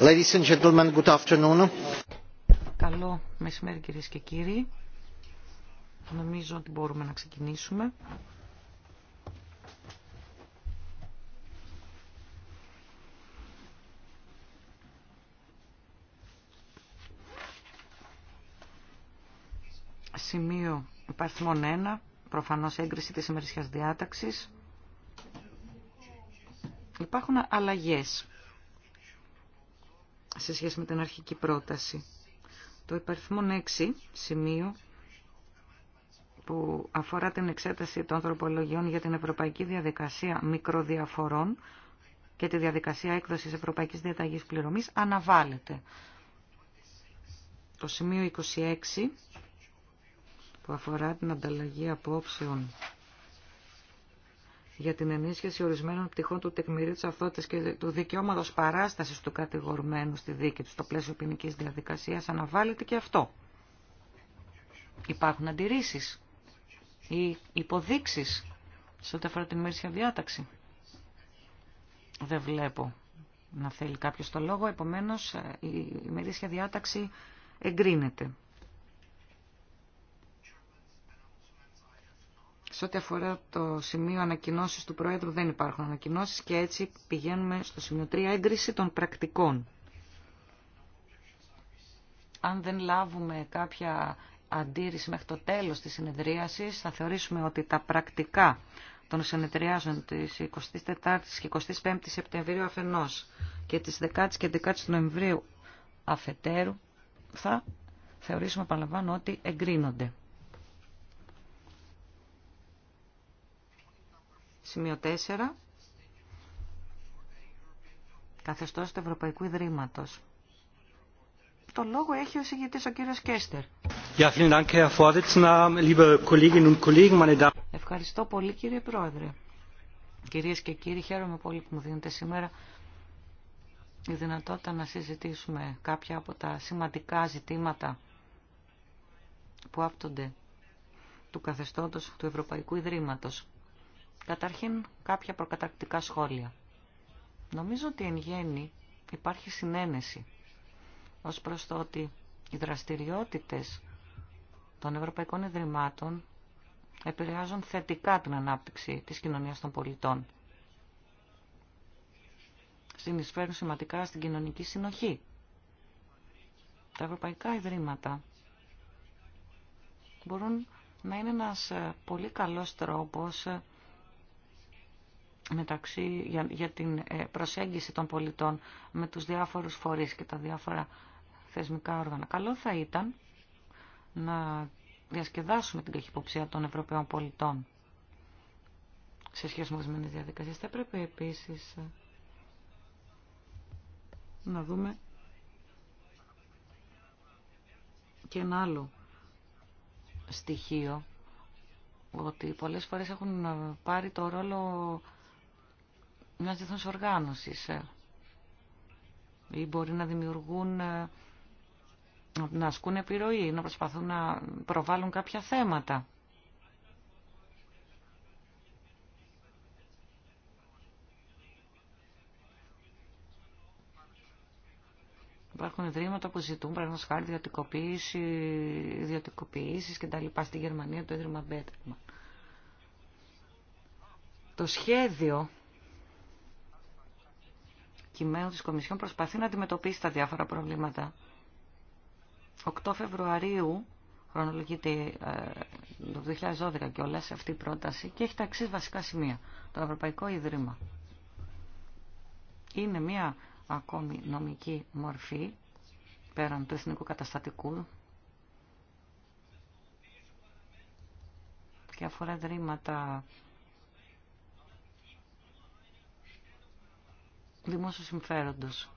Ladies and gentlemen, good afternoon. Καλό μεσημέρι κυρίε και κύριοι. Νομίζω ότι μπορούμε να ξεκινήσουμε. Σημείο υπαρθμών 1, προφανώ έγκριση της ημερησιάς διάταξης. Υπάρχουν αλλαγές σε σχέση με την αρχική πρόταση. Το υπαριθμόν 6 σημείο που αφορά την εξέταση των ανθρωπολογιών για την Ευρωπαϊκή Διαδικασία Μικροδιαφορών και τη διαδικασία έκδοσης Ευρωπαϊκής Διαταγής Πληρωμής αναβάλλεται. Το σημείο 26 που αφορά την ανταλλαγή απόψεων για την ενίσχυση ορισμένων πτυχών του τεκμηρίου τη και του δικαιώματο παράσταση του κατηγορουμένου στη δίκη του στο πλαίσιο ποινική διαδικασία αναβάλλεται και αυτό. Υπάρχουν αντιρρήσει ή υποδείξει σε ό,τι αφορά την ημερήσια διάταξη. Δεν βλέπω να θέλει κάποιο το λόγο, επομένω ε, η ημερήσια διάταξη εγκρίνεται. Σε ό,τι αφορά το σημείο ανακοινώσεις του Πρόεδρου δεν υπάρχουν ανακοινώσεις και έτσι πηγαίνουμε στο σημείο 3, έγκριση των πρακτικών. Αν δεν λάβουμε κάποια αντίρρηση μέχρι το τέλος της συνεδρίασης, θα θεωρήσουμε ότι τα πρακτικά των συνεδριάσεων της 24ης και 25ης Σεπτεμβρίου αφενός και της 10ης και 11ης Νοεμβρίου αφετέρου, θα θεωρήσουμε, επαναλαμβάνω, ότι εγκρίνονται. Σημείο 4. Καθεστώς του Ευρωπαϊκού Ιδρύματος. Το λόγο έχει ο συγγητής ο κύριος Κέστερ. Ευχαριστώ πολύ κύριε Πρόεδρε. Κυρίες και κύριοι, χαίρομαι πολύ που μου δίνετε σήμερα η δυνατότητα να συζητήσουμε κάποια από τα σημαντικά ζητήματα που άπτονται του καθεστώτος του Ευρωπαϊκού Ιδρύματος. Καταρχήν κάποια προκαταρκτικά σχόλια. Νομίζω ότι εν γέννη υπάρχει συνένεση ως προς το ότι οι δραστηριότητες των Ευρωπαϊκών Ιδρυμάτων επηρεάζουν θετικά την ανάπτυξη της κοινωνίας των πολιτών. Συνεισφέρουν σημαντικά στην κοινωνική συνοχή. Τα Ευρωπαϊκά Ιδρύματα μπορούν να είναι ένας ε, πολύ καλός τρόπος ε, μεταξύ, για, την ε, προσέγγιση των πολιτών με τους διάφορους φορείς και τα διάφορα θεσμικά όργανα. Καλό θα ήταν να διασκεδάσουμε την καχυποψία των Ευρωπαίων πολιτών σε σχέση με ορισμένες διαδικασίες. Θα έπρεπε επίσης ε, να δούμε και ένα άλλο στοιχείο ότι πολλές φορές έχουν ε, πάρει το ρόλο μιας διεθνούς οργάνωσης ε. ή μπορεί να δημιουργούν ε, να ασκούν επιρροή, να προσπαθούν να προβάλλουν κάποια θέματα. Υπάρχουν ιδρύματα που ζητούν, πραγματικά χάρη, ιδιωτικοποίηση, τα λοιπά Στη Γερμανία το Ίδρυμα Μπέτερμαν. Το σχέδιο κειμένου της Κομισιόν προσπαθεί να αντιμετωπίσει τα διάφορα προβλήματα. 8 Φεβρουαρίου χρονολογείται ε, το 2012 και όλα σε αυτή η πρόταση και έχει τα εξή βασικά σημεία. Το Ευρωπαϊκό Ιδρύμα είναι μια ακόμη νομική μορφή πέραν του εθνικού καταστατικού και αφορά ιδρύματα Δημόσιο συμφέροντος.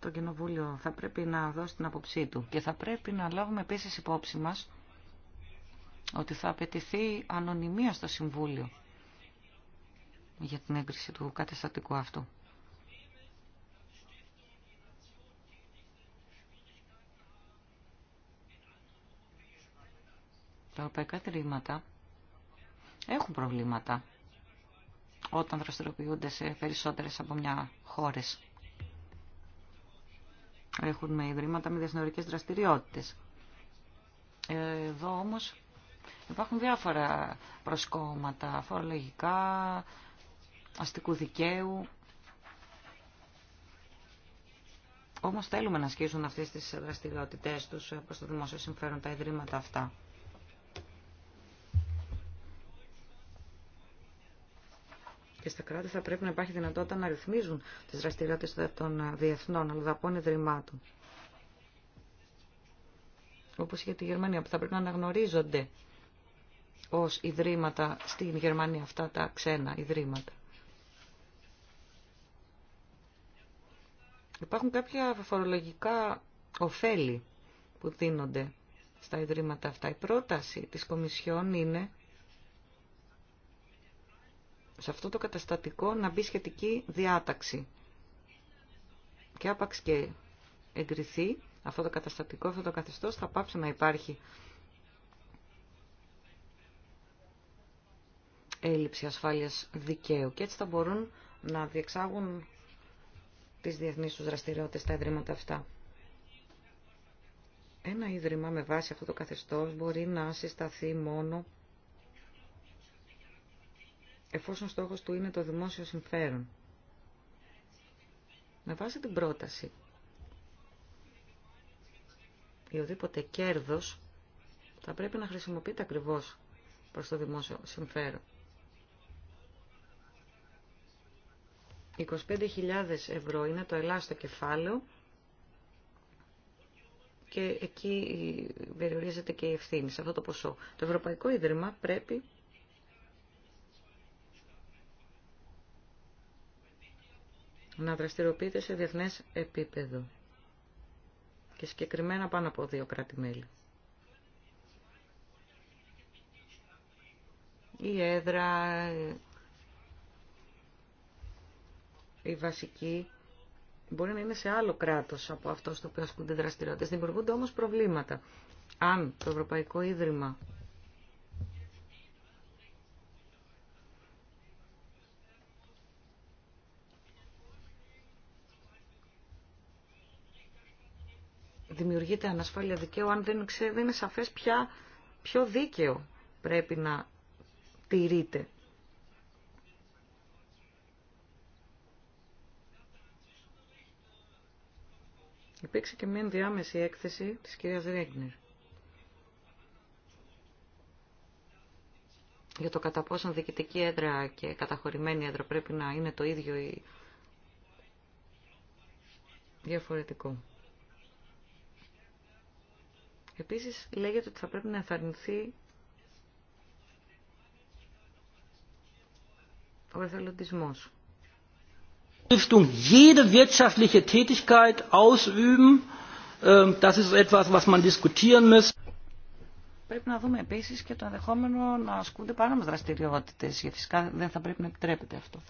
Το Κοινοβούλιο θα πρέπει να δώσει την άποψή του και θα πρέπει να λάβουμε επίση υπόψη μα ότι θα απαιτηθεί ανωνυμία στο Συμβούλιο για την έγκριση του κατεστατικού αυτού. Τα ευρωπαϊκά τρήματα έχουν προβλήματα όταν δραστηριοποιούνται σε περισσότερες από μια χώρες. Έχουν με ιδρύματα με διεθνωρικές δραστηριότητες. Εδώ όμως υπάρχουν διάφορα προσκόμματα φορολογικά, αστικού δικαίου. Όμως θέλουμε να ασκήσουν αυτές τις δραστηριότητες τους προς το δημόσιο συμφέρον τα ιδρύματα αυτά. και στα κράτη θα πρέπει να υπάρχει δυνατότητα να ρυθμίζουν τις δραστηριότητες των διεθνών αλλοδαπών ιδρυμάτων. Όπως για τη Γερμανία, που θα πρέπει να αναγνωρίζονται ως ιδρύματα στην Γερμανία αυτά τα ξένα ιδρύματα. Υπάρχουν κάποια φορολογικά ωφέλη που δίνονται στα ιδρύματα αυτά. Η πρόταση της Κομισιόν είναι σε αυτό το καταστατικό να μπει σχετική διάταξη. Και άπαξ και εγκριθεί αυτό το καταστατικό, αυτό το καθεστώς, θα πάψει να υπάρχει έλλειψη ασφάλειας δικαίου. Και έτσι θα μπορούν να διεξάγουν τις διεθνείς τους δραστηριότητες τα ιδρύματα αυτά. Ένα ίδρυμα με βάση αυτό το καθεστώς μπορεί να συσταθεί μόνο εφόσον στόχος του είναι το δημόσιο συμφέρον. Με βάση την πρόταση, ή οδήποτε κέρδος θα πρέπει να χρησιμοποιείται ακριβώς προς το δημόσιο συμφέρον. 25.000 ευρώ είναι το ελάστο κεφάλαιο και εκεί περιορίζεται και η ευθύνη σε αυτό το ποσό. Το Ευρωπαϊκό Ίδρυμα πρέπει να δραστηριοποιείται σε διεθνέ επίπεδο και συγκεκριμένα πάνω από δύο κράτη-μέλη. Η έδρα, η βασική, μπορεί να είναι σε άλλο κράτος από αυτό στο οποίο ασκούνται δραστηριότητες. Δημιουργούνται όμως προβλήματα. Αν το Ευρωπαϊκό Ίδρυμα δημιουργείται ανασφάλεια δικαίου αν δεν, δεν είναι σαφές ποια, ποιο δίκαιο πρέπει να τηρείται. Υπήρξε και μια ενδιάμεση έκθεση της κυρίας Ρέγκνερ Για το κατά πόσον διοικητική έδρα και καταχωρημένη έδρα πρέπει να είναι το ίδιο ή διαφορετικό. Επίσης λέγεται ότι θα πρέπει να εθαρρυνθεί ο εθελοντισμός. jede wirtschaftliche Tätigkeit ausüben, ähm, Πρέπει να δούμε επίσης και το ενδεχόμενο να ασκούνται παράνομες δραστηριότητες, γιατί φυσικά δεν θα πρέπει να επιτρέπεται αυτό.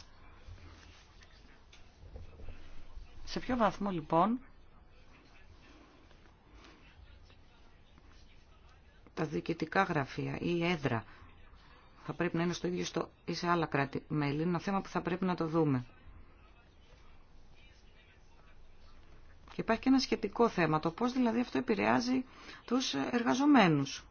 Σε ποιο βαθμό λοιπόν τα διοικητικά γραφεία ή η εδρα θα πρέπει να είναι στο ίδιο στο, ή σε άλλα κράτη-μέλη. Είναι ένα θέμα που θα πρέπει να το δούμε. Και υπάρχει και ένα σχετικό θέμα, το πώς δηλαδή αυτό επηρεάζει τους εργαζομένους.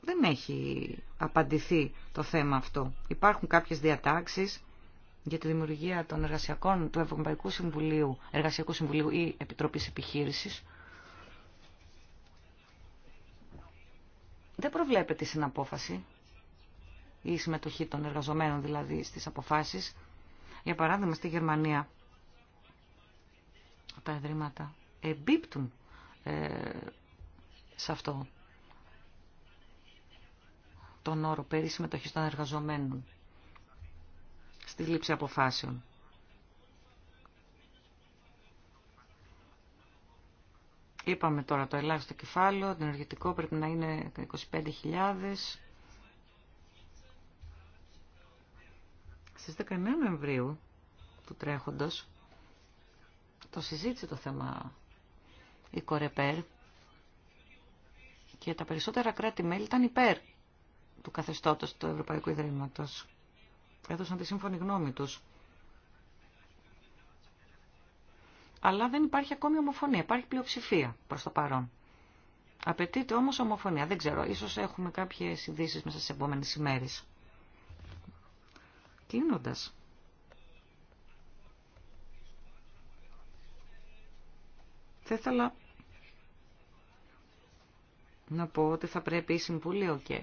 Δεν έχει απαντηθεί το θέμα αυτό. Υπάρχουν κάποιες διατάξεις για τη δημιουργία των εργασιακών του Ευρωπαϊκού Συμβουλίου, Εργασιακού Συμβουλίου ή Επιτροπής Επιχείρησης, δεν προβλέπεται η συναπόφαση ή η συμμετοχή των εργαζομένων δηλαδή στις αποφάσεις. Για παράδειγμα στη Γερμανία τα εδρήματα εμπίπτουν ε, σε αυτό τον όρο περί συμμετοχής των εργαζομένων στη λήψη αποφάσεων. Είπαμε τώρα το ελάχιστο κεφάλαιο, το ενεργητικό πρέπει να είναι 25.000. Στις 19 Νοεμβρίου του τρέχοντος το συζήτησε το θέμα η Κορεπέρ και τα περισσότερα κράτη-μέλη ήταν υπέρ του καθεστώτος του Ευρωπαϊκού Ιδρύματος. Έδωσαν τη σύμφωνη γνώμη τους. αλλά δεν υπάρχει ακόμη ομοφωνία, υπάρχει πλειοψηφία προ το παρόν. Απαιτείται όμως ομοφωνία, δεν ξέρω, ίσως έχουμε κάποιες ειδήσει μέσα στι επόμενε ημέρες. Κλείνοντα. Θα ήθελα να πω ότι θα πρέπει η Συμβουλή, Okay.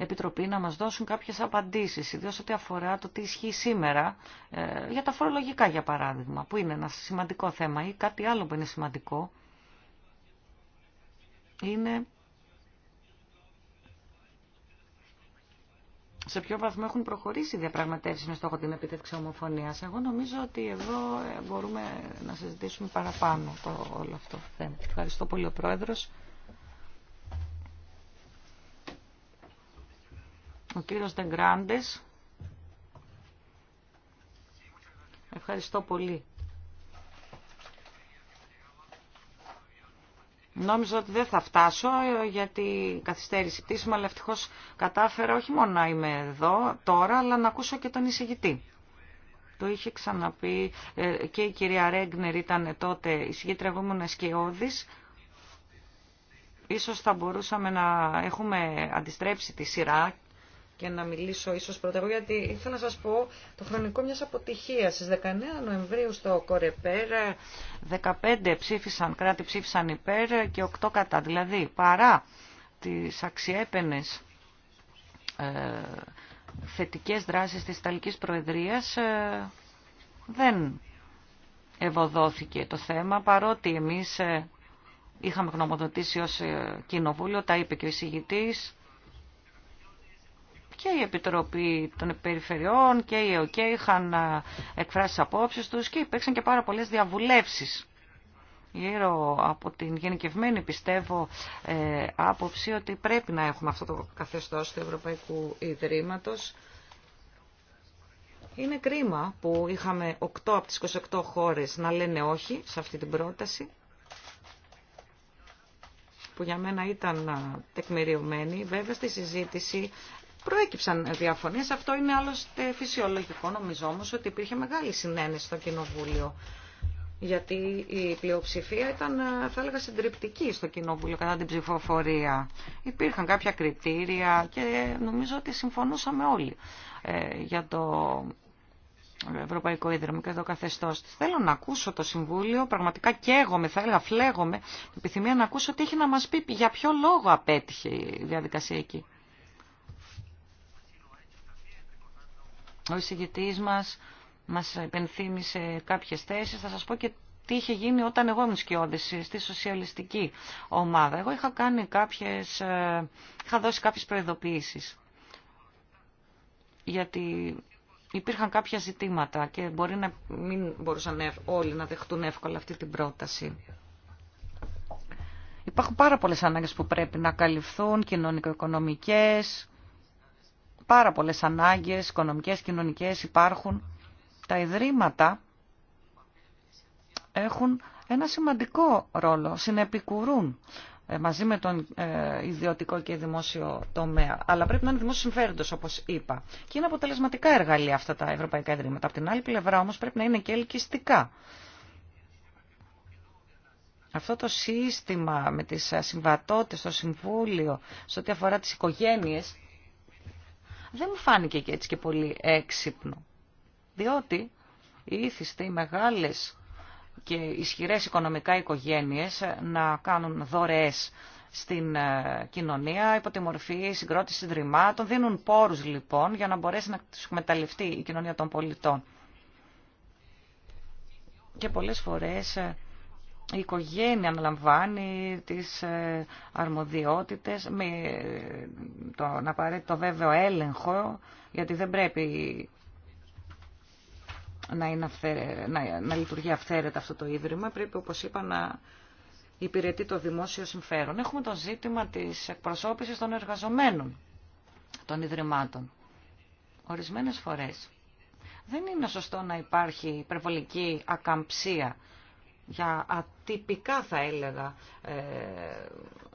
Επιτροπή να μας δώσουν κάποιες απαντήσεις, ιδίως ό,τι αφορά το τι ισχύει σήμερα ε, για τα φορολογικά, για παράδειγμα, που είναι ένα σημαντικό θέμα ή κάτι άλλο που είναι σημαντικό. Είναι σε ποιο βαθμό έχουν προχωρήσει οι διαπραγματεύσει με στόχο την επίτευξη ομοφωνίας. Εγώ νομίζω ότι εδώ ε, μπορούμε να συζητήσουμε παραπάνω το όλο αυτό το θέμα. Ευχαριστώ πολύ ο Πρόεδρος. Ο κύριος Ντεγκράντες. Ευχαριστώ πολύ. Νόμιζα ότι δεν θα φτάσω γιατί καθυστέρησε η πτήση αλλά ευτυχώ κατάφερα όχι μόνο να είμαι εδώ τώρα, αλλά να ακούσω και τον εισηγητή. Το είχε ξαναπεί ε, και η κυρία Ρέγνερ ήταν τότε εισηγήτρια, εγώ ήμουν σκιώδης. Ίσως θα μπορούσαμε να έχουμε αντιστρέψει τη σειρά και να μιλήσω ίσως πρώτα εγώ, γιατί ήθελα να σας πω το χρονικό μιας αποτυχίας. Στις 19 Νοεμβρίου στο Κορεπέρ 15 ψήφισαν, κράτη ψήφισαν υπέρ και 8 κατά. Δηλαδή, παρά τις αξιέπαινες ε, θετικές δράσεις της Ιταλικής Προεδρίας, ε, δεν ευωδόθηκε το θέμα, παρότι εμείς... Ε, είχαμε γνωμοδοτήσει ως ε, κοινοβούλιο, τα είπε και ο εισηγητής, και η Επιτροπή των Περιφερειών και η ΕΟΚΕ είχαν ε, εκφράσει τι τους και υπήρξαν και πάρα πολλές διαβουλεύσεις γύρω από την γενικευμένη πιστεύω ε, άποψη ότι πρέπει να έχουμε αυτό το καθεστώς του Ευρωπαϊκού Ιδρύματος. Είναι κρίμα που είχαμε 8 από τις 28 χώρες να λένε όχι σε αυτή την πρόταση που για μένα ήταν ε, τεκμηριωμένη. Βέβαια στη συζήτηση Προέκυψαν διαφωνίε, αυτό είναι άλλωστε φυσιολογικό. Νομίζω όμω ότι υπήρχε μεγάλη συνένεση στο Κοινοβούλιο. Γιατί η πλειοψηφία ήταν, θα έλεγα, συντριπτική στο Κοινοβούλιο κατά την ψηφοφορία. Υπήρχαν κάποια κριτήρια και νομίζω ότι συμφωνούσαμε όλοι ε, για το Ευρωπαϊκό Ίδρυμα και το καθεστώ τη. Θέλω να ακούσω το Συμβούλιο, πραγματικά καίγομαι, θα έλεγα, φλέγομαι, επιθυμία να ακούσω τι έχει να μα πει, για ποιο λόγο απέτυχε η διαδικασία εκεί. Ο εισηγητής μας μας υπενθύμησε κάποιες θέσεις. Θα σας πω και τι είχε γίνει όταν εγώ ήμουν σκιώδηση στη σοσιαλιστική ομάδα. Εγώ είχα, κάνει κάποιες, ε, είχα δώσει κάποιες προειδοποιήσεις. Γιατί υπήρχαν κάποια ζητήματα και μπορεί να μην μπορούσαν όλοι να δεχτούν εύκολα αυτή την πρόταση. Υπάρχουν πάρα πολλές ανάγκες που πρέπει να καλυφθούν, κοινωνικο-οικονομικές, πάρα πολλές ανάγκες, οικονομικές, κοινωνικές υπάρχουν. Τα ιδρύματα έχουν ένα σημαντικό ρόλο, συνεπικουρούν ε, μαζί με τον ε, ιδιωτικό και δημόσιο τομέα. Αλλά πρέπει να είναι δημόσιο συμφέροντο, όπω είπα. Και είναι αποτελεσματικά εργαλεία αυτά τα ευρωπαϊκά ιδρύματα. Από την άλλη πλευρά όμω πρέπει να είναι και ελκυστικά. Αυτό το σύστημα με τις συμβατότητες στο Συμβούλιο, σε ό,τι αφορά τις οικογένειες, δεν μου φάνηκε και έτσι και πολύ έξυπνο. Διότι ήθιστε οι μεγάλες και ισχυρές οικονομικά οικογένειες ε, να κάνουν δωρεές στην ε, κοινωνία υπό τη μορφή συγκρότηση δρυμάτων. Δίνουν πόρους λοιπόν για να μπορέσει να τους εκμεταλλευτεί η κοινωνία των πολιτών. Και πολλές φορές ε, η οικογένεια λαμβάνει τις ε, αρμοδιότητες με το το βέβαιο έλεγχο, γιατί δεν πρέπει να, είναι να, να λειτουργεί αυθαίρετα αυτό το Ίδρυμα, πρέπει όπως είπα να υπηρετεί το δημόσιο συμφέρον. Έχουμε το ζήτημα της εκπροσώπησης των εργαζομένων των Ιδρυμάτων. Ορισμένες φορές δεν είναι σωστό να υπάρχει υπερβολική ακαμψία για ατυπικά θα έλεγα ε,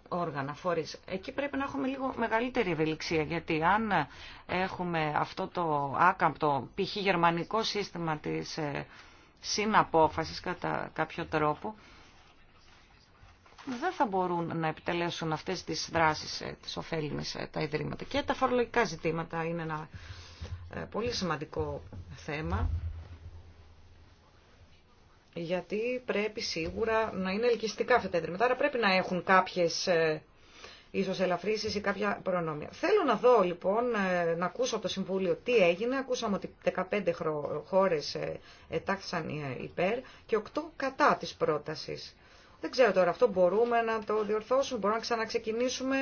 όργανα, φορείς. Εκεί πρέπει να έχουμε λίγο μεγαλύτερη ευελιξία, γιατί αν έχουμε αυτό το άκαμπτο, π.χ. γερμανικό σύστημα της ε, συναπόφασης κατά κάποιο τρόπο, δεν θα μπορούν να επιτελέσουν αυτές τις δράσεις, ε, τις ωφέλιμες τα ιδρύματα. Και τα φορολογικά ζητήματα είναι ένα πολύ σημαντικό θέμα γιατί πρέπει σίγουρα να είναι ελκυστικά αυτά τα ιδρύματα, άρα πρέπει να έχουν κάποιες ίσω ε, ελαφρύσεις ή κάποια προνόμια. Θέλω να δω λοιπόν, ε, να ακούσω από το Συμβούλιο τι έγινε. Ακούσαμε ότι 15 χώρες ε, ετάχθησαν υπέρ και 8 κατά τη πρότασης. Δεν ξέρω τώρα, αυτό μπορούμε να το διορθώσουμε, μπορούμε να ξαναξεκινήσουμε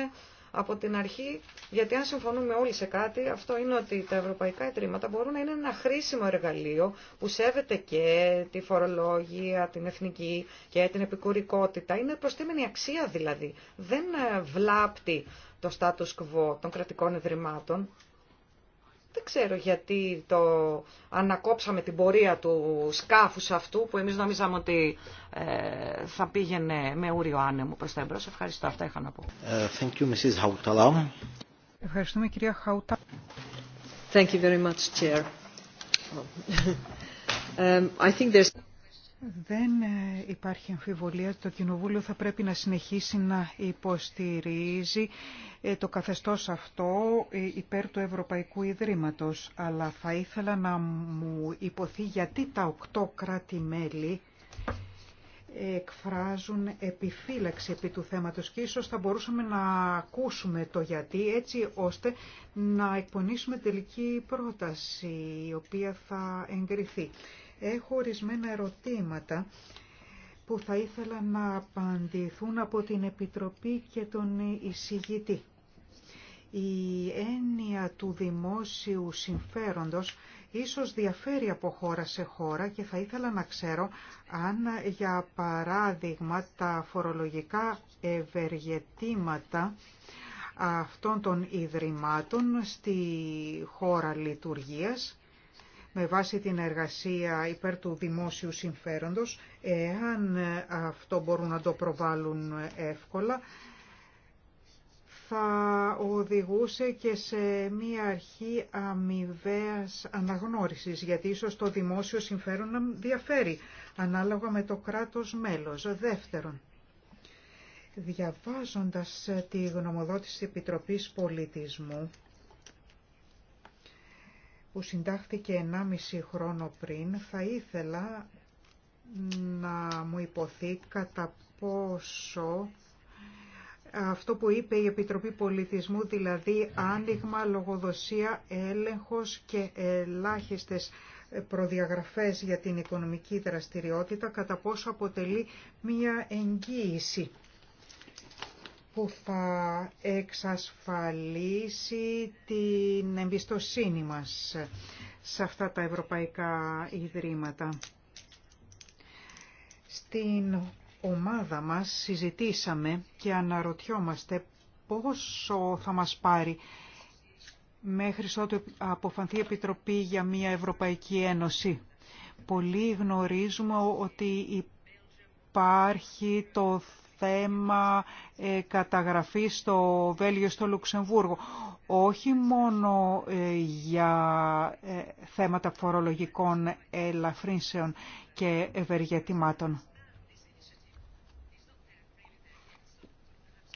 από την αρχή, γιατί αν συμφωνούμε όλοι σε κάτι, αυτό είναι ότι τα ευρωπαϊκά ιδρύματα μπορούν να είναι ένα χρήσιμο εργαλείο που σέβεται και τη φορολόγια, την εθνική και την επικουρικότητα. Είναι προστέμενη αξία δηλαδή. Δεν ε, βλάπτει το status quo των κρατικών ιδρυμάτων. Δεν ξέρω γιατί το ανακόψαμε την πορεία του σκάφους αυτού που εμείς νόμιζαμε ότι ε, θα πήγαινε με ούριο άνεμο προς τα εμπρός. Ευχαριστώ. Αυτά είχα να πω. Ε, thank you, Mrs. Ευχαριστούμε κυρία Χαούτα. Thank you very much, Chair. Um, I think there's... Δεν ε, υπάρχει αμφιβολία ότι το Κοινοβούλιο θα πρέπει να συνεχίσει να υποστηρίζει ε, το καθεστώς αυτό ε, υπέρ του Ευρωπαϊκού Ιδρύματος. Αλλά θα ήθελα να μου υποθεί γιατί τα οκτώ κράτη-μέλη εκφράζουν επιφύλαξη επί του θέματος και ίσως θα μπορούσαμε να ακούσουμε το γιατί έτσι ώστε να εκπονήσουμε τελική πρόταση η οποία θα εγκριθεί. Έχω ορισμένα ερωτήματα που θα ήθελα να απαντηθούν από την Επιτροπή και τον εισηγητή. Η έννοια του δημόσιου συμφέροντος ίσως διαφέρει από χώρα σε χώρα και θα ήθελα να ξέρω αν για παράδειγμα τα φορολογικά ευεργετήματα αυτών των ιδρυμάτων στη χώρα λειτουργίας με βάση την εργασία υπέρ του δημόσιου συμφέροντος, εάν αυτό μπορούν να το προβάλλουν εύκολα, θα οδηγούσε και σε μία αρχή αμοιβαία αναγνώρισης, γιατί ίσως το δημόσιο συμφέρον να διαφέρει ανάλογα με το κράτος μέλος. Δεύτερον, διαβάζοντας τη γνωμοδότηση Επιτροπής Πολιτισμού, που συντάχθηκε 1,5 χρόνο πριν, θα ήθελα να μου υποθεί κατά πόσο αυτό που είπε η Επιτροπή Πολιτισμού, δηλαδή άνοιγμα, λογοδοσία, έλεγχος και ελάχιστες προδιαγραφές για την οικονομική δραστηριότητα, κατά πόσο αποτελεί μία εγγύηση που θα εξασφαλίσει την εμπιστοσύνη μας σε αυτά τα ευρωπαϊκά ιδρύματα. Στην ομάδα μας συζητήσαμε και αναρωτιόμαστε πόσο θα μας πάρει μέχρι ότου αποφανθεί η Επιτροπή για μια Ευρωπαϊκή Ένωση. Πολλοί γνωρίζουμε ότι υπάρχει το θέμα ε, καταγραφή στο Βέλγιο, στο Λουξεμβούργο. Όχι μόνο ε, για ε, θέματα φορολογικών ελαφρύνσεων και ευεργετημάτων.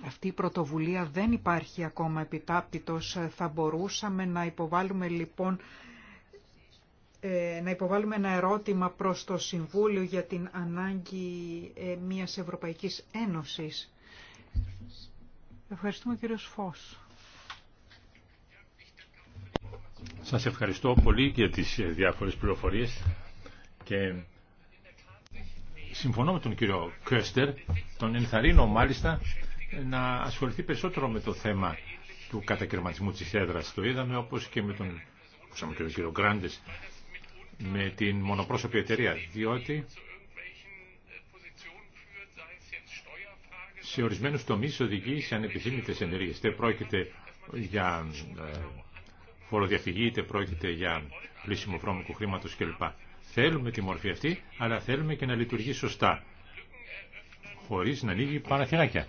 Αυτή η πρωτοβουλία δεν υπάρχει ακόμα επιτάπτητος. Θα μπορούσαμε να υποβάλουμε λοιπόν ε, να υποβάλουμε ένα ερώτημα προς το Συμβούλιο για την ανάγκη ε, μιας Ευρωπαϊκής Ένωσης. Ευχαριστούμε κύριο Φως. Σας ευχαριστώ πολύ για τις ε, διάφορες πληροφορίες και συμφωνώ με τον κύριο Κέστερ, τον ενθαρρύνω μάλιστα να ασχοληθεί περισσότερο με το θέμα του κατακαιρματισμού της έδρας. Το είδαμε όπως και με τον, με τον κύριο Γκράντες με την μονοπρόσωπη εταιρεία, διότι σε ορισμένους τομείς οδηγεί σε ανεπιθύμητες ενέργειες. δεν πρόκειται για ε, φοροδιαφυγή, είτε πρόκειται για πλήσιμο βρώμικου χρήματος κλπ. Θέλουμε τη μορφή αυτή, αλλά θέλουμε και να λειτουργεί σωστά, χωρίς να ανοίγει παραθυράκια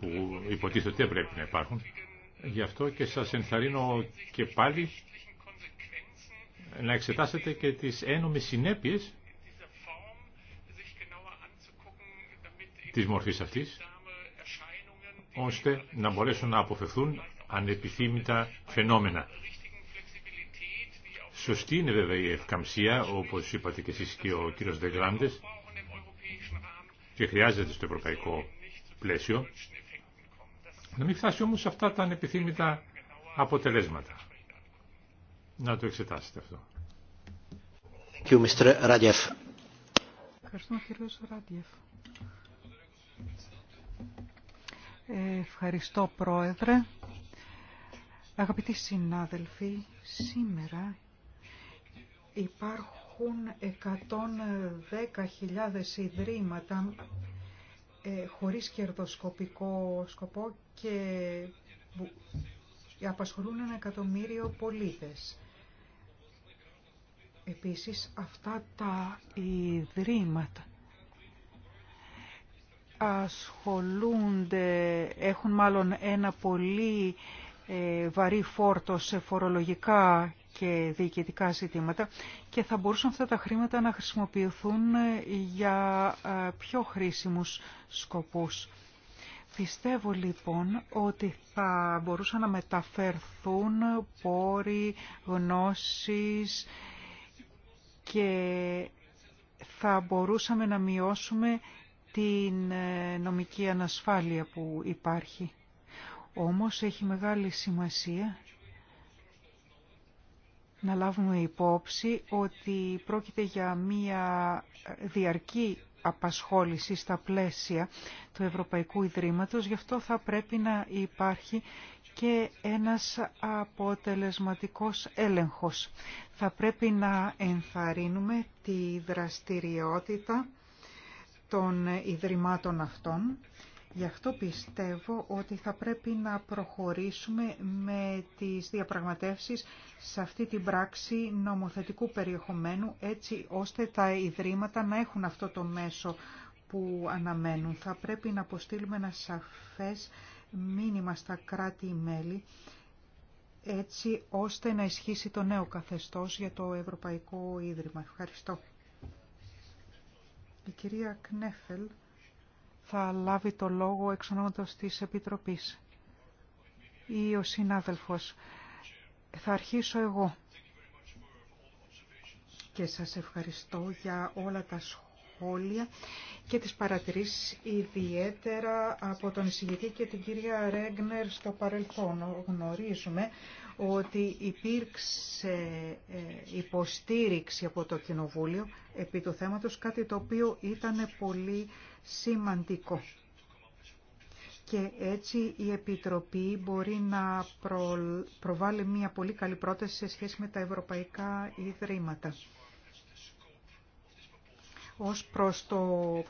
που υποτίθεται πρέπει να υπάρχουν. Γι' αυτό και σας ενθαρρύνω και πάλι να εξετάσετε και τις ένομες συνέπειες της μορφής αυτής, ώστε να μπορέσουν να αποφευθούν ανεπιθύμητα φαινόμενα. Σωστή είναι βέβαια η ευκαμψία, όπως είπατε και εσείς και ο κύριος Δεγκράντες, και χρειάζεται στο ευρωπαϊκό πλαίσιο, να μην φτάσει όμως σε αυτά τα ανεπιθύμητα αποτελέσματα να το εξετάσετε αυτό. Ευχαριστώ, Ράντιεφ. Ευχαριστώ, Πρόεδρε. Αγαπητοί συνάδελφοι, σήμερα υπάρχουν 110.000 ιδρύματα ε, χωρίς κερδοσκοπικό σκοπό και απασχολούν ένα εκατομμύριο πολίτες. Επίσης αυτά τα ιδρύματα ασχολούνται, έχουν μάλλον ένα πολύ ε, βαρύ φόρτο σε φορολογικά και διοικητικά ζητήματα και θα μπορούσαν αυτά τα χρήματα να χρησιμοποιηθούν ε, για ε, πιο χρήσιμους σκοπούς. Πιστεύω λοιπόν ότι θα μπορούσαν να μεταφερθούν πόροι, γνώσεις, και θα μπορούσαμε να μειώσουμε την ε, νομική ανασφάλεια που υπάρχει. Όμως έχει μεγάλη σημασία να λάβουμε υπόψη ότι πρόκειται για μία διαρκή απασχόληση στα πλαίσια του Ευρωπαϊκού Ιδρύματος, γι' αυτό θα πρέπει να υπάρχει και ένας αποτελεσματικός έλεγχος. Θα πρέπει να ενθαρρύνουμε τη δραστηριότητα των ιδρυμάτων αυτών. Γι' αυτό πιστεύω ότι θα πρέπει να προχωρήσουμε με τις διαπραγματεύσεις σε αυτή την πράξη νομοθετικού περιεχομένου, έτσι ώστε τα ιδρύματα να έχουν αυτό το μέσο που αναμένουν. Θα πρέπει να αποστείλουμε ένα σαφές μήνυμα στα κράτη-μέλη έτσι ώστε να ισχύσει το νέο καθεστώς για το Ευρωπαϊκό Ίδρυμα. Ευχαριστώ. Η κυρία Κνέφελ θα λάβει το λόγο εξ ονόματος της Επιτροπής ή ο συνάδελφος. Θα αρχίσω εγώ. Και σας ευχαριστώ για όλα τα σχόλια και τις παρατηρήσεις ιδιαίτερα από τον εισηγητή και την κυρία Ρέγνερ στο παρελθόν. Γνωρίζουμε ότι υπήρξε ε, υποστήριξη από το Κοινοβούλιο επί του θέματος, κάτι το οποίο ήταν πολύ σημαντικό. Και έτσι η Επιτροπή μπορεί να προ... προβάλλει μια πολύ καλή πρόταση σε σχέση με τα ευρωπαϊκά ιδρύματα. Ως προς το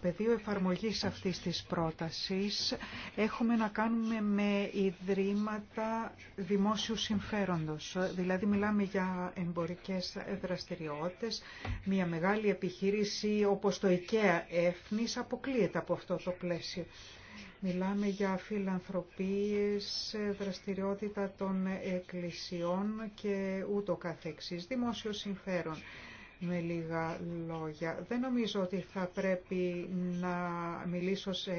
πεδίο εφαρμογής αυτής της πρότασης έχουμε να κάνουμε με ιδρύματα δημόσιου συμφέροντος. Δηλαδή μιλάμε για εμπορικές δραστηριότητες. Μια μεγάλη επιχείρηση όπως το IKEA Έφνης αποκλείεται από αυτό το πλαίσιο. Μιλάμε για φιλανθρωπίες, δραστηριότητα των εκκλησιών και ούτω καθεξής, δημόσιο συμφέρον με λίγα λόγια. Δεν νομίζω ότι θα πρέπει να μιλήσω σε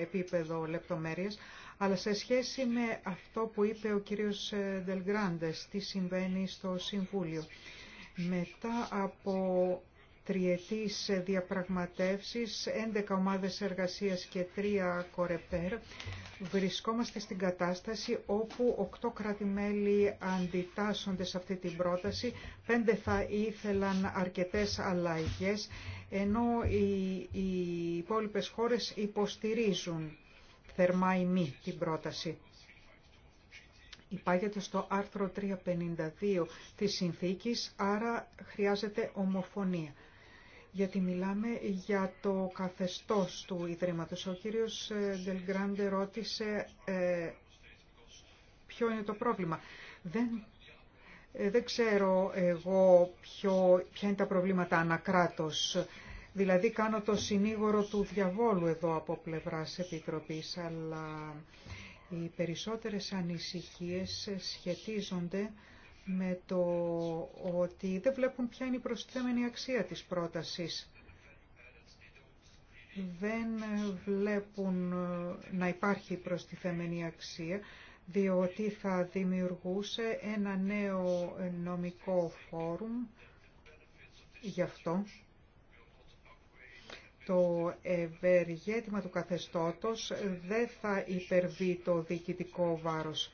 επίπεδο λεπτομέρειας, αλλά σε σχέση με αυτό που είπε ο κύριος Δελγκράντες, τι συμβαίνει στο Συμβούλιο. Μετά από τριετής διαπραγματεύσεις, 11 ομάδες εργασίας και 3 κορεπέρ, βρισκόμαστε στην κατάσταση όπου 8 κράτη-μέλη αντιτάσσονται σε αυτή την πρόταση, 5 θα ήθελαν αρκετές αλλαγές, ενώ οι, οι υπόλοιπε χώρες υποστηρίζουν θερμά ή μη την πρόταση. Υπάγεται στο άρθρο 352 της συνθήκης, άρα χρειάζεται ομοφωνία γιατί μιλάμε για το καθεστώς του Ιδρύματος. Ο κύριος Ντελγκράντε ρώτησε ε, ποιο είναι το πρόβλημα. Δεν, ε, δεν ξέρω εγώ ποια είναι τα προβλήματα ανακράτος. Δηλαδή κάνω το συνήγορο του διαβόλου εδώ από πλευράς Επιτροπής, αλλά οι περισσότερες ανησυχίες σχετίζονται με το ότι δεν βλέπουν ποια είναι η προστιθέμενη αξία της πρότασης. Δεν βλέπουν να υπάρχει προστιθέμενη αξία, διότι θα δημιουργούσε ένα νέο νομικό φόρουμ γι' αυτό. Το ευεργέτημα του καθεστώτος δεν θα υπερβεί το διοικητικό βάρος.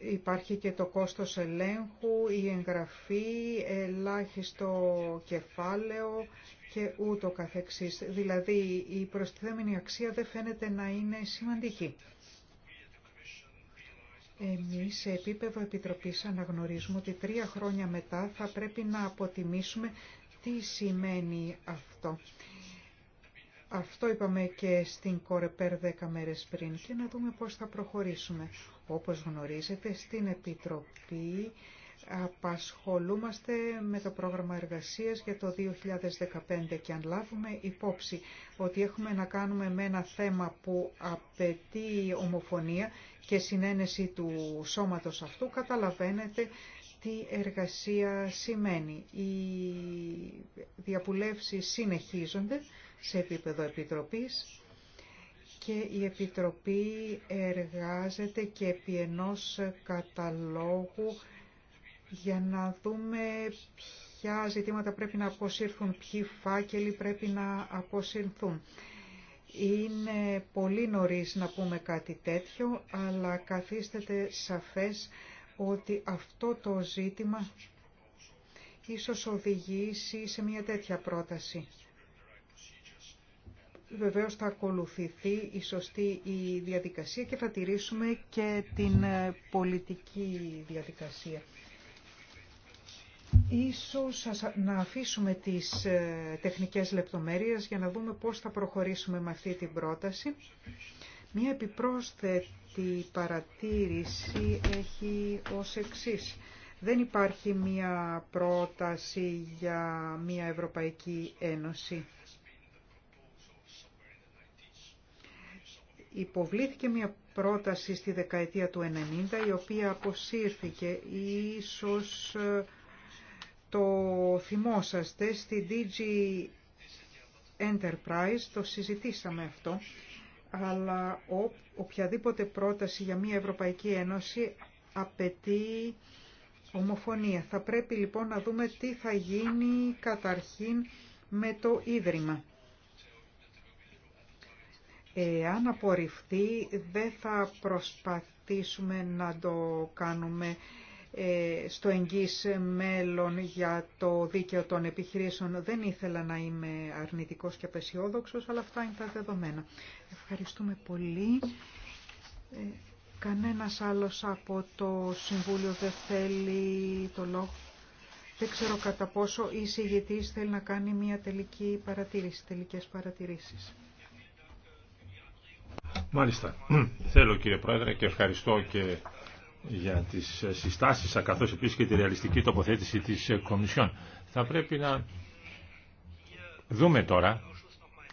Υπάρχει και το κόστος ελέγχου, η εγγραφή, ελάχιστο κεφάλαιο και ούτω καθεξής. Δηλαδή η προστιθέμενη αξία δεν φαίνεται να είναι σημαντική. Εμείς σε επίπεδο Επιτροπής αναγνωρίζουμε ότι τρία χρόνια μετά θα πρέπει να αποτιμήσουμε τι σημαίνει αυτό. Αυτό είπαμε και στην Κορεπέρ δέκα μέρες πριν και να δούμε πώς θα προχωρήσουμε. Όπως γνωρίζετε, στην Επιτροπή απασχολούμαστε με το πρόγραμμα εργασίας για το 2015 και αν λάβουμε υπόψη ότι έχουμε να κάνουμε με ένα θέμα που απαιτεί ομοφωνία και συνένεση του σώματος αυτού, καταλαβαίνετε τι εργασία σημαίνει. Οι διαπουλεύσεις συνεχίζονται σε επίπεδο επιτροπής και η Επιτροπή εργάζεται και επί ενός καταλόγου για να δούμε ποια ζητήματα πρέπει να αποσύρθουν, ποιοι φάκελοι πρέπει να αποσύρθουν. Είναι πολύ νωρίς να πούμε κάτι τέτοιο, αλλά καθίστετε σαφές ότι αυτό το ζήτημα ίσως οδηγήσει σε μια τέτοια πρόταση. Βεβαίως θα ακολουθηθεί η σωστή η διαδικασία και θα τηρήσουμε και την ε, πολιτική διαδικασία. Ίσως να αφήσουμε τις ε, τεχνικές λεπτομέρειες για να δούμε πώς θα προχωρήσουμε με αυτή την πρόταση. Μία επιπρόσθετη παρατήρηση έχει ως εξής. Δεν υπάρχει μία πρόταση για μία Ευρωπαϊκή Ένωση Υποβλήθηκε μια πρόταση στη δεκαετία του 90 η οποία αποσύρθηκε ίσως ε, το θυμόσαστε στη DG Enterprise, το συζητήσαμε αυτό, αλλά οποιαδήποτε πρόταση για μια Ευρωπαϊκή Ένωση απαιτεί ομοφωνία. Θα πρέπει λοιπόν να δούμε τι θα γίνει καταρχήν με το Ίδρυμα. Εάν απορριφθεί δεν θα προσπαθήσουμε να το κάνουμε ε, στο εγγύς μέλλον για το δίκαιο των επιχειρήσεων. Δεν ήθελα να είμαι αρνητικός και απεσιόδοξος, αλλά αυτά είναι τα δεδομένα. Ευχαριστούμε πολύ. Ε, κανένας άλλος από το Συμβούλιο δεν θέλει το λόγο. Δεν ξέρω κατά πόσο η συγγετής θέλει να κάνει μια τελική παρατήρηση, τελικές παρατηρήσεις. Μάλιστα. Θέλω κύριε Πρόεδρε και ευχαριστώ και για τις συστάσεις σας καθώς επίσης και τη ρεαλιστική τοποθέτηση της Κομισιόν. Θα πρέπει να δούμε τώρα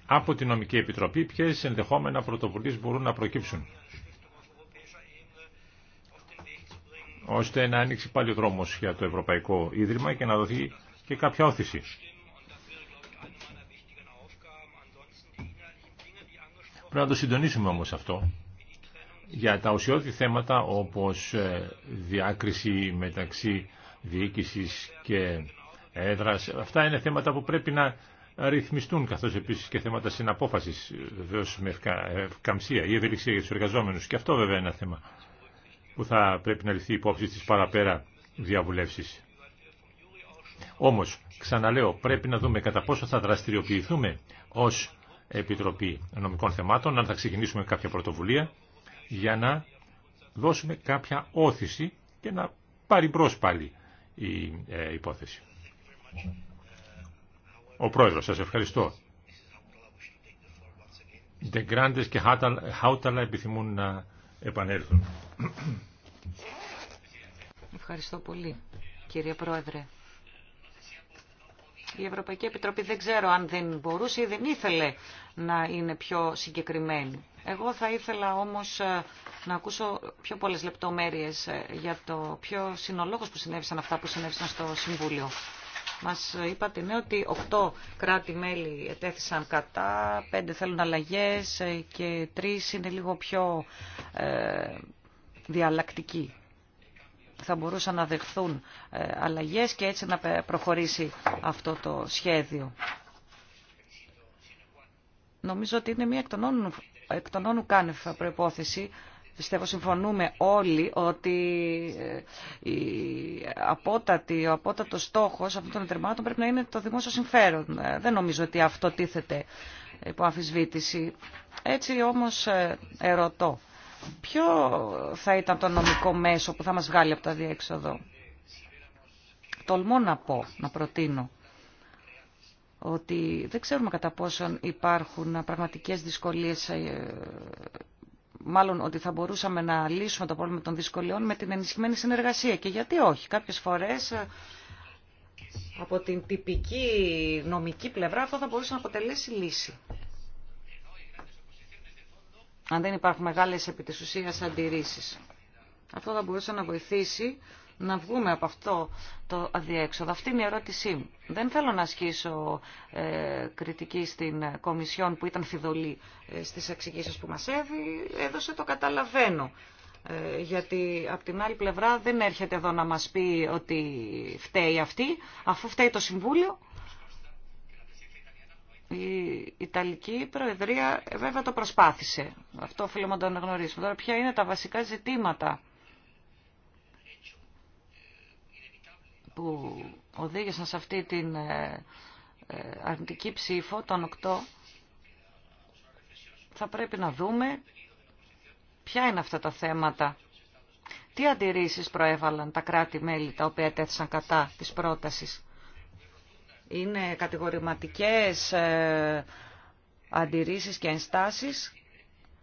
από την Νομική Επιτροπή ποιες ενδεχόμενα πρωτοβουλίες μπορούν να προκύψουν ώστε να ανοίξει πάλι ο δρόμος για το Ευρωπαϊκό Ίδρυμα και να δοθεί και κάποια όθηση. Πρέπει να το συντονίσουμε όμως αυτό. Για τα ουσιώδη θέματα όπως ε, διάκριση μεταξύ διοίκησης και έδρας, αυτά είναι θέματα που πρέπει να ρυθμιστούν, καθώς επίσης και θέματα συναπόφασης, βεβαίως με ευκαμψία ή ευελιξία για τους εργαζόμενους. Και αυτό βέβαια είναι ένα θέμα που θα πρέπει να ληφθεί υπόψη στις παραπέρα διαβουλεύσεις. Όμως, ξαναλέω, πρέπει να δούμε κατά πόσο θα δραστηριοποιηθούμε ως Επιτροπή Νομικών Θεμάτων, αν θα ξεκινήσουμε κάποια πρωτοβουλία, για να δώσουμε κάποια όθηση και να πάρει μπρος πάλι η ε, υπόθεση. Ο Πρόεδρος, σας ευχαριστώ. Grandes και Χάουταλα επιθυμούν να επανέλθουν. Ευχαριστώ πολύ, κύριε Πρόεδρε. Η Ευρωπαϊκή Επιτροπή δεν ξέρω αν δεν μπορούσε ή δεν ήθελε να είναι πιο συγκεκριμένη. Εγώ θα ήθελα όμως ε, να ακούσω πιο πολλές λεπτομέρειες ε, για το ποιο είναι που συνέβησαν αυτά που συνέβησαν στο Συμβούλιο. Μας είπατε ναι ότι 8 κράτη-μέλη ετέθησαν κατά, 5 θέλουν αλλαγές ε, και 3 είναι λίγο πιο ε, διαλλακτικοί θα μπορούσαν να δεχθούν ε, αλλαγές και έτσι να προχωρήσει αυτό το σχέδιο. Νομίζω ότι είναι μια εκ των όνων κάνευ προϋπόθεση πιστεύω συμφωνούμε όλοι ότι ε, η απότατη, ο απότατος στόχος αυτών των τερμάτων πρέπει να είναι το δημόσιο συμφέρον. Ε, δεν νομίζω ότι αυτό τίθεται υπό αμφισβήτηση. Έτσι όμως ερωτώ ποιο θα ήταν το νομικό μέσο που θα μας βγάλει από τα διέξοδο. Τολμώ να πω, να προτείνω, ότι δεν ξέρουμε κατά πόσον υπάρχουν πραγματικές δυσκολίες, ε, μάλλον ότι θα μπορούσαμε να λύσουμε το πρόβλημα των δυσκολιών με την ενισχυμένη συνεργασία. Και γιατί όχι, κάποιες φορές ε, από την τυπική νομική πλευρά αυτό θα μπορούσε να αποτελέσει λύση αν δεν υπάρχουν μεγάλες επί της αντιρρήσεις. Αυτό θα μπορούσε να βοηθήσει να βγούμε από αυτό το αδιέξοδο. Αυτή είναι η ερώτησή μου. Δεν θέλω να ασκήσω ε, κριτική στην Κομισιόν που ήταν φιδωλή ε, στις εξηγήσεις που μας έδωσε, το καταλαβαίνω. Ε, γιατί από την άλλη πλευρά δεν έρχεται εδώ να μας πει ότι φταίει αυτή, αφού φταίει το Συμβούλιο η Ιταλική Προεδρία ε, βέβαια το προσπάθησε. Αυτό οφείλουμε να το αναγνωρίσουμε. Τώρα ποια είναι τα βασικά ζητήματα που οδήγησαν σε αυτή την ε, ε, αρνητική ψήφο των 8 θα πρέπει να δούμε ποια είναι αυτά τα θέματα. Τι αντιρρήσεις προέβαλαν τα κράτη-μέλη τα οποία τέθησαν κατά της πρότασης είναι κατηγορηματικές ε, αντιρρήσεις και ενστάσεις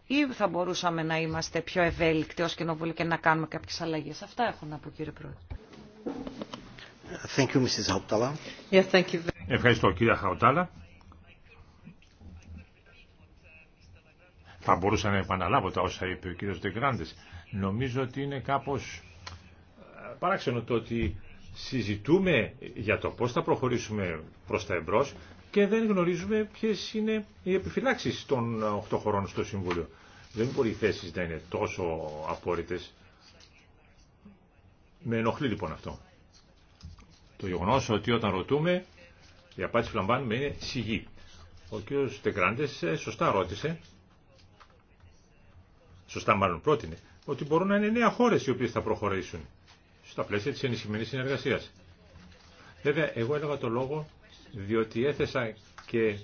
ή θα μπορούσαμε να είμαστε πιο ευέλικτοι ως κοινοβούλιο και να κάνουμε κάποιες αλλαγές. Αυτά έχω να πω κύριε Πρόεδρε. Thank you, Mrs. Yeah, thank you. Ευχαριστώ κύριε Χαουτάλα. Θα μπορούσα να επαναλάβω τα όσα είπε ο κύριος Ντεγκράντες. Νομίζω ότι είναι κάπως ε, παράξενο το ότι συζητούμε για το πώς θα προχωρήσουμε προς τα εμπρός και δεν γνωρίζουμε ποιες είναι οι επιφυλάξεις των 8 χωρών στο Συμβούλιο. Δεν μπορεί οι θέσεις να είναι τόσο απόρριτες. Με ενοχλεί λοιπόν αυτό. Το γεγονό ότι όταν ρωτούμε η απάντηση που λαμβάνουμε είναι σιγή. Ο κ. Τεκράντες ε, σωστά ρώτησε, σωστά μάλλον πρότεινε, ότι μπορούν να είναι νέα χώρε οι οποίε θα προχωρήσουν στα πλαίσια της ενισχυμένης συνεργασίας. Βέβαια, εγώ έλεγα το λόγο διότι έθεσα και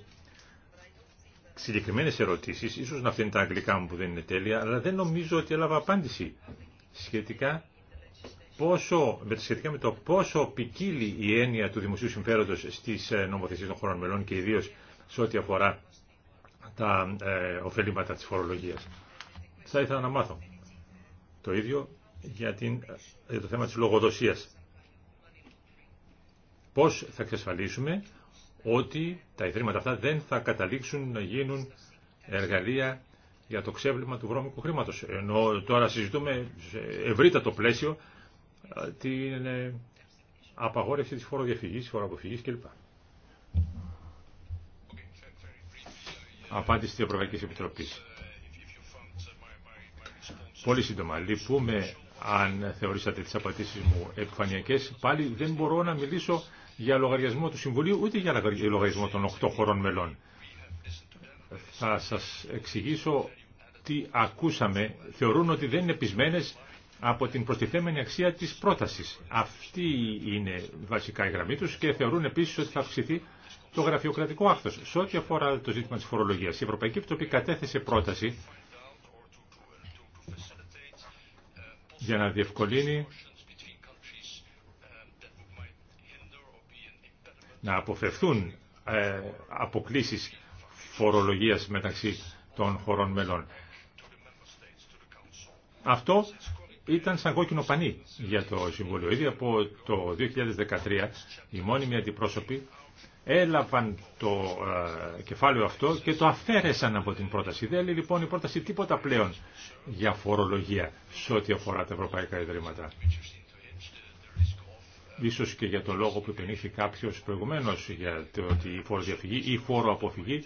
συγκεκριμένες ερωτήσεις, ίσως να φαίνεται τα αγγλικά μου που δεν είναι τέλεια, αλλά δεν νομίζω ότι έλαβα απάντηση σχετικά, πόσο, σχετικά με το πόσο ποικίλει η έννοια του δημοσίου συμφέροντος στις ε, νομοθεσίες των χωρών μελών και ιδίως σε ό,τι αφορά τα ε, ωφελήματα της φορολογίας. Θα ήθελα να μάθω. Το ίδιο για, την, το θέμα της λογοδοσίας. Πώς θα εξασφαλίσουμε ότι τα ιδρύματα αυτά δεν θα καταλήξουν να γίνουν εργαλεία για το ξέβλημα του βρώμικου χρήματος. Ενώ τώρα συζητούμε σε ευρύτατο πλαίσιο την ε, απαγόρευση της φοροδιαφυγής, φοροαποφυγής κλπ. Απάντηση της Ευρωπαϊκής Επιτροπής. Πολύ σύντομα. Λυπούμε αν θεωρήσατε τις απαντήσεις μου επιφανειακές, πάλι δεν μπορώ να μιλήσω για λογαριασμό του Συμβουλίου, ούτε για λογαριασμό των 8 χωρών μελών. Θα σας εξηγήσω τι ακούσαμε. Θεωρούν ότι δεν είναι πεισμένες από την προστιθέμενη αξία της πρότασης. Αυτή είναι βασικά η γραμμή τους και θεωρούν επίσης ότι θα αυξηθεί το γραφειοκρατικό άκθος. Σε ό,τι αφορά το ζήτημα της φορολογίας, η Ευρωπαϊκή Επιτροπή κατέθεσε πρόταση για να διευκολύνει να αποφευθούν ε, αποκλήσεις φορολογίας μεταξύ των χωρών μελών. Αυτό ήταν σαν κόκκινο πανί για το Συμβούλιο. Ήδη από το 2013 οι μόνιμοι αντιπρόσωποι έλαβαν το ε, κεφάλαιο αυτό και το αφαίρεσαν από την πρόταση. Δεν λέει λοιπόν η πρόταση τίποτα πλέον για φορολογία σε ό,τι αφορά τα ευρωπαϊκά ιδρύματα. Ίσως και για το λόγο που υπενήχθη κάποιος προηγουμένως για το ότι η φοροδιαφυγή ή η φοροαποφυγή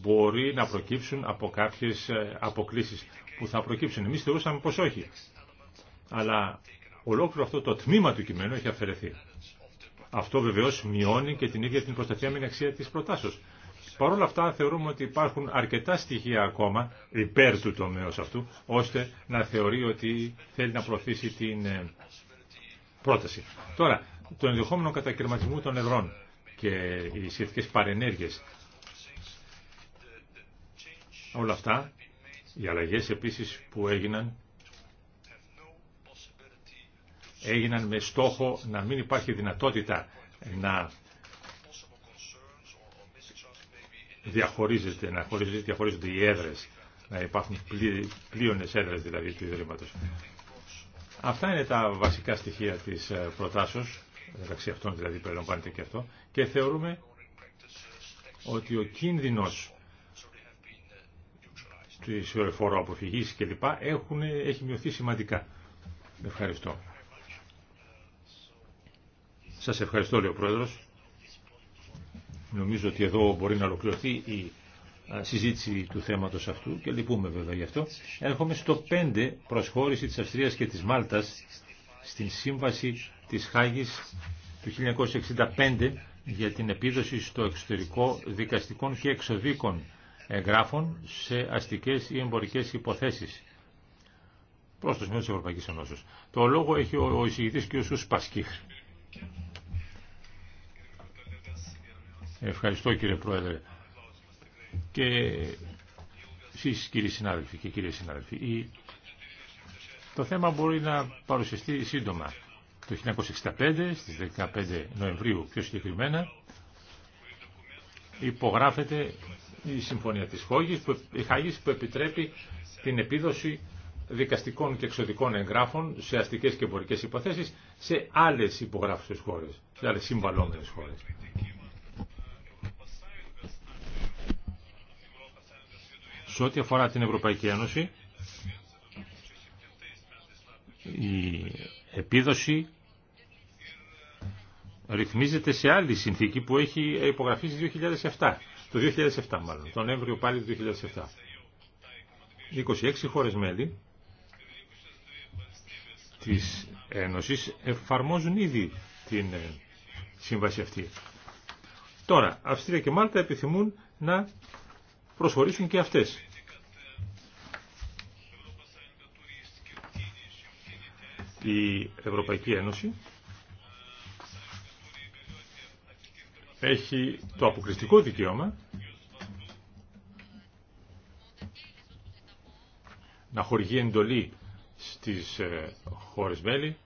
μπορεί να προκύψουν από κάποιες ε, αποκλήσεις που θα προκύψουν. Εμείς θεωρούσαμε πως όχι. Αλλά ολόκληρο αυτό το τμήμα του κειμένου έχει αφαιρεθεί. Αυτό βεβαίω μειώνει και την ίδια την την αξία τη προτάσεω. Παρ' όλα αυτά θεωρούμε ότι υπάρχουν αρκετά στοιχεία ακόμα υπέρ του τομέα αυτού, ώστε να θεωρεί ότι θέλει να προωθήσει την ε, πρόταση. Τώρα, το ενδεχόμενο κατακαιρματισμού των ευρών και οι σχετικέ παρενέργειε. Όλα αυτά, οι αλλαγέ επίση που έγιναν έγιναν με στόχο να μην υπάρχει δυνατότητα να διαχωρίζεται, να διαχωρίζονται οι έδρες, να υπάρχουν πλήρωνες έδρες δηλαδή του Ιδρύματος. Αυτά είναι τα βασικά στοιχεία της ε, προτάσεως, μεταξύ αυτών δηλαδή περιλαμβάνεται και αυτό, και θεωρούμε ότι ο κίνδυνος της φοροαποφυγής κλπ. Έχουν, έχει μειωθεί σημαντικά. Ευχαριστώ. Σας ευχαριστώ, λέει ο Πρόεδρος. Νομίζω ότι εδώ μπορεί να ολοκληρωθεί η συζήτηση του θέματος αυτού και λυπούμε βέβαια γι' αυτό. Έρχομαι στο 5 προσχώρηση της Αυστρίας και της Μάλτας στην σύμβαση της Χάγης του 1965 για την επίδοση στο εξωτερικό δικαστικών και εξοδίκων εγγράφων σε αστικές ή εμπορικές υποθέσεις προς το σημείο της Ευρωπαϊκής Ενώσεως. Το λόγο έχει ο εισηγητής κ. Σουσπασκίχ. Ευχαριστώ κύριε Πρόεδρε. Και εσείς κύριοι συνάδελφοι και κύριε συνάδελφοι, το θέμα μπορεί να παρουσιαστεί σύντομα. Το 1965, στις 15 Νοεμβρίου πιο συγκεκριμένα, υπογράφεται η Συμφωνία της Χόγης, που, Χάγης που επιτρέπει την επίδοση δικαστικών και εξωτικών εγγράφων σε αστικές και εμπορικές υποθέσεις σε άλλες υπογράφουσες χώρες, σε άλλες συμβαλόμενες χώρες. Σε ό,τι αφορά την Ευρωπαϊκή Ένωση, η επίδοση ρυθμίζεται σε άλλη συνθήκη που έχει υπογραφεί στις 2007. Το 2007 μάλλον, τον Νέμβριο πάλι του 2007. 26 χώρες μέλη της Ένωσης εφαρμόζουν ήδη την ε, σύμβαση αυτή. Τώρα, Αυστρία και Μάλτα επιθυμούν να προσχωρήσουν και αυτές. Η Ευρωπαϊκή Ένωση έχει το αποκριστικό δικαίωμα να χορηγεί εντολή στις ε, χώρες μέλη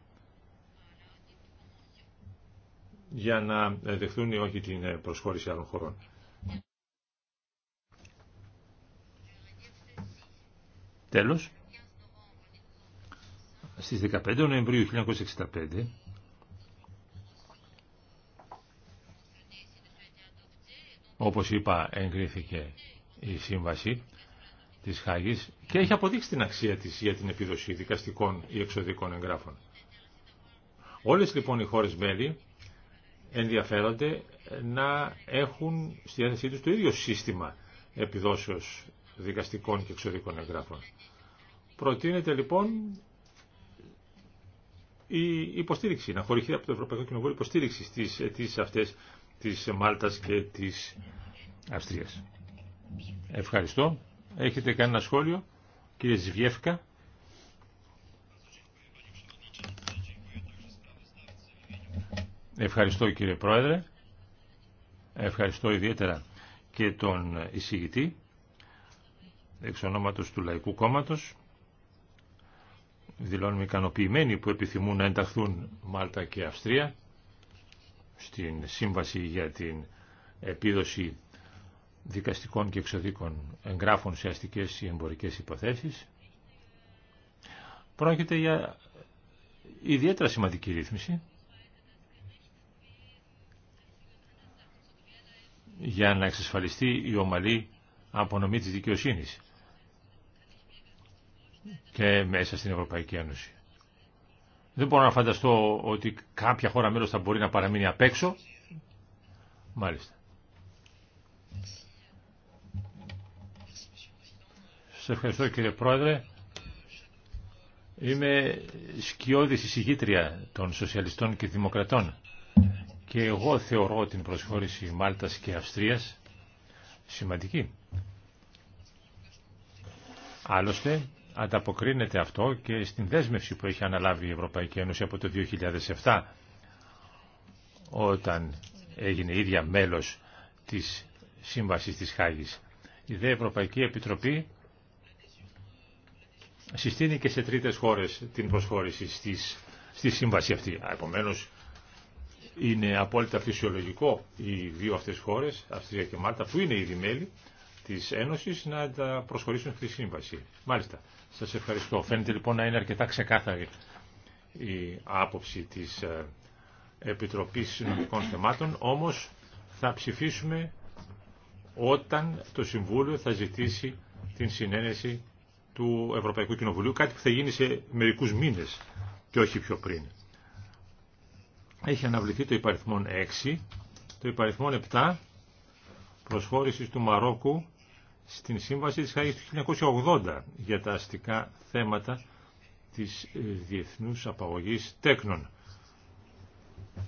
για να δεχθούν ή όχι την ε, προσχώρηση άλλων χωρών. Τέλος, στις 15 Νοεμβρίου 1965 όπως είπα εγκρίθηκε η σύμβαση της Χάγης και έχει αποδείξει την αξία της για την επίδοση δικαστικών ή εξωδικών εγγράφων. Όλες λοιπόν οι χώρες μέλη ενδιαφέρονται να έχουν στη διάθεσή τους το ίδιο σύστημα επιδόσεως δικαστικών και εξωτικών εγγράφων. Προτείνεται λοιπόν η υποστήριξη, να χορηγηθεί από το Ευρωπαϊκό Κοινοβούλιο υποστήριξη στις αιτήσει αυτές της Μάλτας και της Αυστρίας. Ευχαριστώ. Έχετε κανένα σχόλιο, κύριε Ζιβιέφκα. Ευχαριστώ κύριε Πρόεδρε. Ευχαριστώ ιδιαίτερα και τον εισηγητή εξ ονόματος του Λαϊκού Κόμματος. Δηλώνουμε ικανοποιημένοι που επιθυμούν να ενταχθούν Μάλτα και Αυστρία στην Σύμβαση για την επίδοση δικαστικών και εξωδίκων εγγράφων σε αστικές ή εμπορικές υποθέσεις. Πρόκειται για ιδιαίτερα σημαντική ρύθμιση για να εξασφαλιστεί η ομαλή απονομή της δικαιοσύνης και μέσα στην Ευρωπαϊκή Ένωση. Δεν μπορώ να φανταστώ ότι κάποια χώρα μέλος θα μπορεί να παραμείνει απ' έξω. Μάλιστα. Σε ευχαριστώ κύριε Πρόεδρε. Είμαι σκιώδης εισηγήτρια των Σοσιαλιστών και Δημοκρατών και εγώ θεωρώ την προσχώρηση Μάλτας και Αυστρίας σημαντική. Άλλωστε, ανταποκρίνεται αυτό και στην δέσμευση που έχει αναλάβει η Ευρωπαϊκή Ένωση από το 2007 όταν έγινε ίδια μέλος της Σύμβασης της Χάγης. Η ΔΕ Ευρωπαϊκή Επιτροπή συστήνει και σε τρίτες χώρες την προσχώρηση στις, στη σύμβαση αυτή. Επομένως, είναι απόλυτα φυσιολογικό οι δύο αυτές χώρες, Αυστρία και Μάλτα, που είναι ήδη μέλη της Ένωσης, να τα προσχωρήσουν στη σύμβαση. Μάλιστα. Σας ευχαριστώ. Φαίνεται λοιπόν να είναι αρκετά ξεκάθαρη η άποψη της ε, Επιτροπής Συνολικών Θεμάτων, όμως θα ψηφίσουμε όταν το Συμβούλιο θα ζητήσει την συνένεση του Ευρωπαϊκού Κοινοβουλίου, κάτι που θα γίνει σε μερικούς μήνες και όχι πιο πριν. Έχει αναβληθεί το υπαριθμόν 6, το υπαριθμόν 7, προσχώρηση του Μαρόκου στην Σύμβαση της Χάγης του 1980 για τα αστικά θέματα της ε, διεθνούς απαγωγής τέκνων.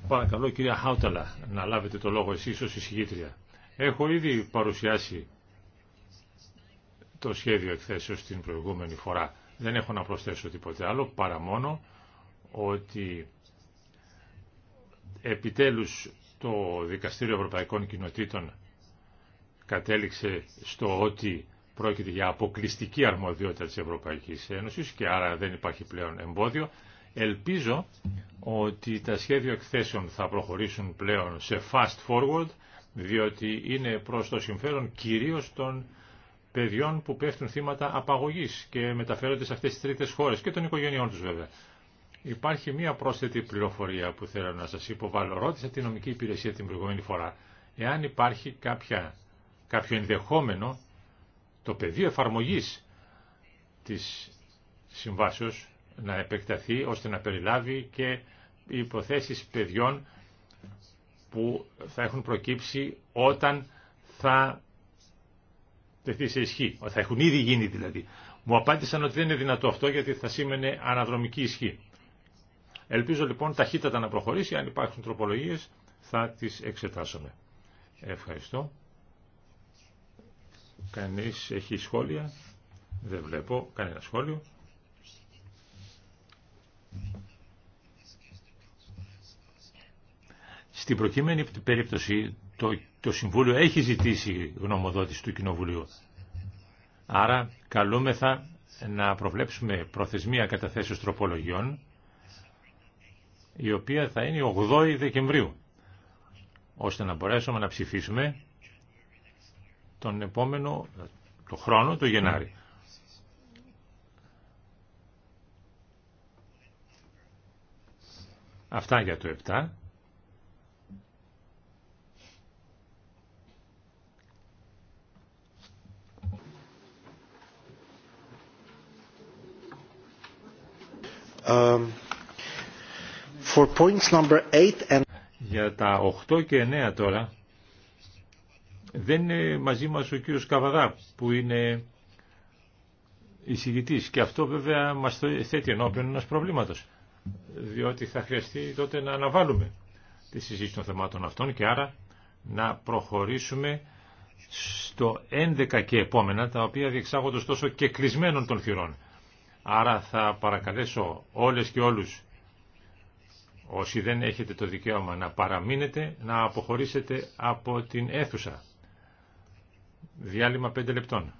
Παρακαλώ κυρία Χάουταλα να λάβετε το λόγο εσείς ως εισηγήτρια. Έχω ήδη παρουσιάσει το σχέδιο εκθέσεως την προηγούμενη φορά. Δεν έχω να προσθέσω τίποτε άλλο παρά μόνο ότι επιτέλους το Δικαστήριο Ευρωπαϊκών Κοινοτήτων κατέληξε στο ότι πρόκειται για αποκλειστική αρμοδιότητα της Ευρωπαϊκής Ένωσης και άρα δεν υπάρχει πλέον εμπόδιο. Ελπίζω ότι τα σχέδια εκθέσεων θα προχωρήσουν πλέον σε fast forward, διότι είναι προς το συμφέρον κυρίως των παιδιών που πέφτουν θύματα απαγωγής και μεταφέρονται σε αυτές τις τρίτες χώρες και των οικογενειών τους βέβαια. Υπάρχει μία πρόσθετη πληροφορία που θέλω να σας υποβάλω. Ρώτησα την νομική υπηρεσία την προηγούμενη φορά εάν υπάρχει κάποια κάποιο ενδεχόμενο το πεδίο εφαρμογής της συμβάσεως να επεκταθεί ώστε να περιλάβει και οι υποθέσεις παιδιών που θα έχουν προκύψει όταν θα τεθεί σε ισχύ, θα έχουν ήδη γίνει δηλαδή. Μου απάντησαν ότι δεν είναι δυνατό αυτό γιατί θα σήμαινε αναδρομική ισχύ. Ελπίζω λοιπόν ταχύτατα να προχωρήσει, αν υπάρχουν τροπολογίες θα τις εξετάσουμε. Ευχαριστώ. Κανείς έχει σχόλια. Δεν βλέπω κανένα σχόλιο. Στην προκείμενη περίπτωση το, το Συμβούλιο έχει ζητήσει γνωμοδότηση του Κοινοβουλίου. Άρα καλούμεθα να προβλέψουμε προθεσμία καταθέσεως τροπολογιών η οποία θα είναι 8η Δεκεμβρίου ώστε να μπορέσουμε να ψηφίσουμε τον επόμενο το χρόνο, το Γενάρη. Αυτά για το 7. Um, for points number 8 and... Για τα 8 και 9 τώρα δεν είναι μαζί μας ο κύριος Καβαδά που είναι εισηγητής και αυτό βέβαια μας θέτει ενώπιον ένας προβλήματος διότι θα χρειαστεί τότε να αναβάλουμε τη συζήτηση των θεμάτων αυτών και άρα να προχωρήσουμε στο 11 και επόμενα τα οποία διεξάγονται τόσο και κλεισμένων των θυρών. Άρα θα παρακαλέσω όλες και όλους όσοι δεν έχετε το δικαίωμα να παραμείνετε να αποχωρήσετε από την αίθουσα. Διάλειμμα 5 λεπτών.